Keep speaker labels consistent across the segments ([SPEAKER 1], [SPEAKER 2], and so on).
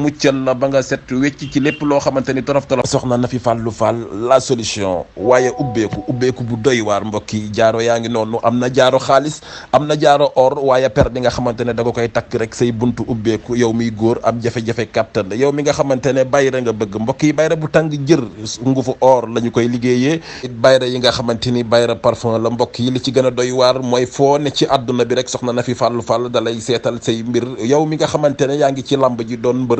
[SPEAKER 1] muccal la ba nga set wecc ci lépp loo xamante ni torof torof soxna na fi fàllu fàll la solution waaye ubbeeku ubbeeku bu doy waar mbokki jaaro yaa ngi noonu am na jaaro xaalis am na jaaro or waaye per bi nga xamante ne da nga koy takk rek say buntu ubbeeku yow miy góor am jafe-jafe kàttan yow mi nga xamante ne bayra nga bëgg mbokk yi bayra bu tàng jër ngufu or la koy liggéeyee bayra yi nga xamante ni bayra parfum la mbokk yi li ci gën a doy waar mooy foo ne ci àdduna bi rek soxna na fi fàllu fàll dalay seetal say mbir yow mi nga xamante ne yaa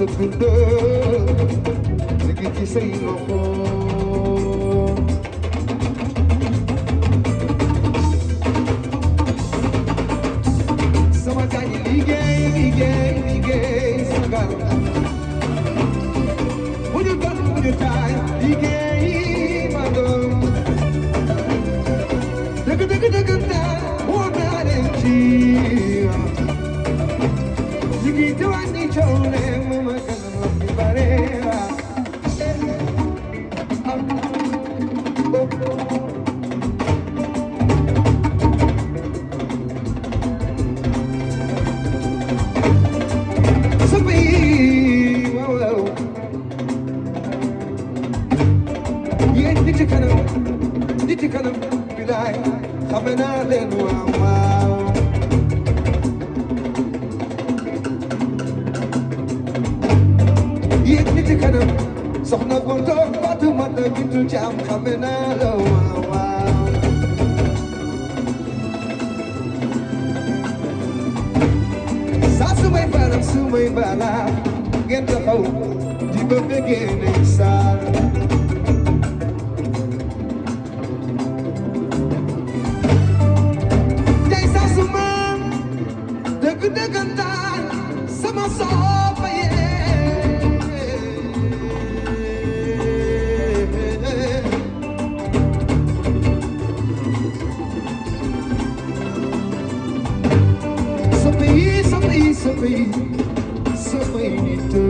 [SPEAKER 2] sa bind mi ngi ci say loxo yéeg ni ci kanam soxna Gontor Fatoumata bintu Caam xame naa la waaw waaw saa sumay baram sumay baram ngeen taxaw di ba bëggee nañ saar tey saa suma dëgg dëggantaan sama samay samay nit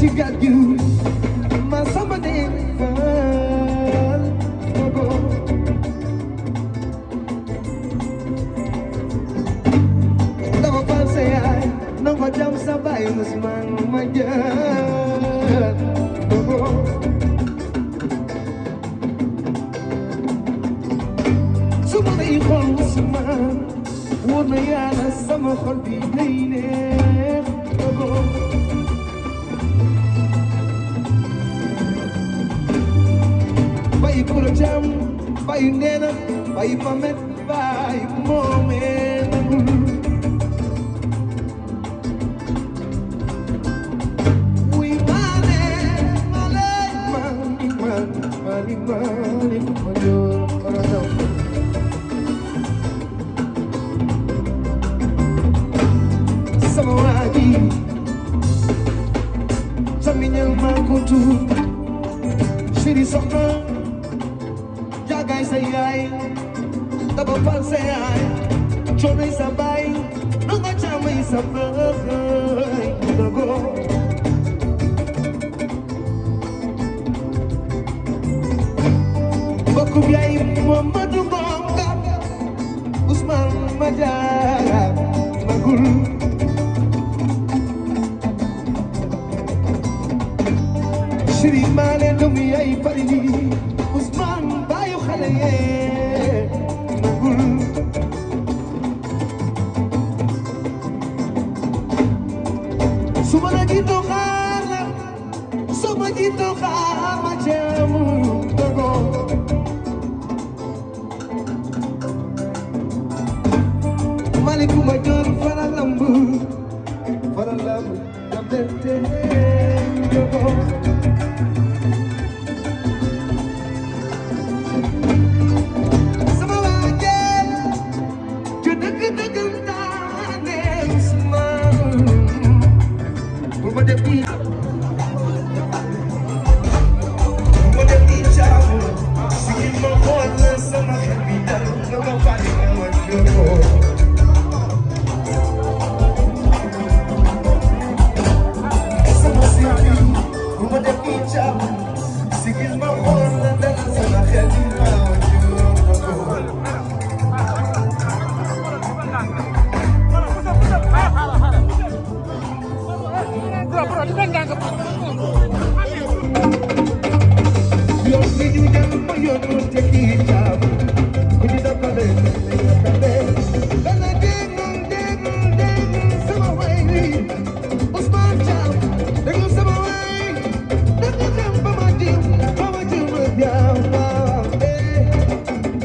[SPEAKER 2] she got you. My summer day fall. Go, go. Love a say I. No go jump sabai musman my girl. Go, go. Summer day fall musman. Would me yana summer holiday. Go, go. bayi Koura Thiam bayi Ndéna bayi Pamet bayi Momé bagay sa yaay tapapal sa yaay coonay sa baay nanga caamay sa baay dago mbokkum yaay Mamadu Bonga Usman Madiara magul Shri Male Lumi ay Parini mojito xaama ceemu dogo malikuma joor fara lambu fara lambu dogo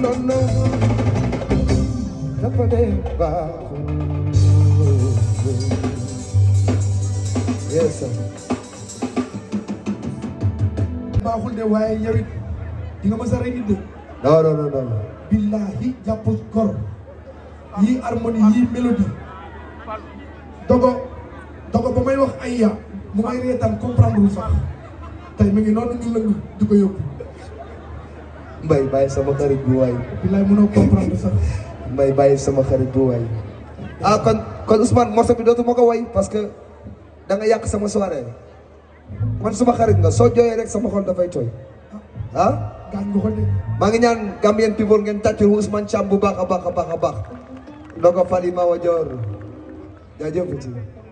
[SPEAKER 2] lọ́nà lọ́pọ̀lẹ́ bá kú. Yes de waaye yow it di nga mës a rey nit de. non kor yii harmonie yii mélodie dogo dogo ba may wax ay ya mu may reetaan comprendre lu sax tey mi ngi noonu ñu lëngu di ko yóbbu. mbay bàyyi sama xarit bu waay. bilaay mbay bàyyi sama xarit bu waay. ah kon kon Ousmane morceau bi dootu ma ko way parce que da nga yàq sama soirée man suma xarit nga soo jooyee rek sama xol dafay tooy ah. ah? maa ngi ñaan Gambian people ngeen tàccul Ousmane Thiam bu baax a baax a baax a baax. ndoko Fally Mawa Dior jaajëf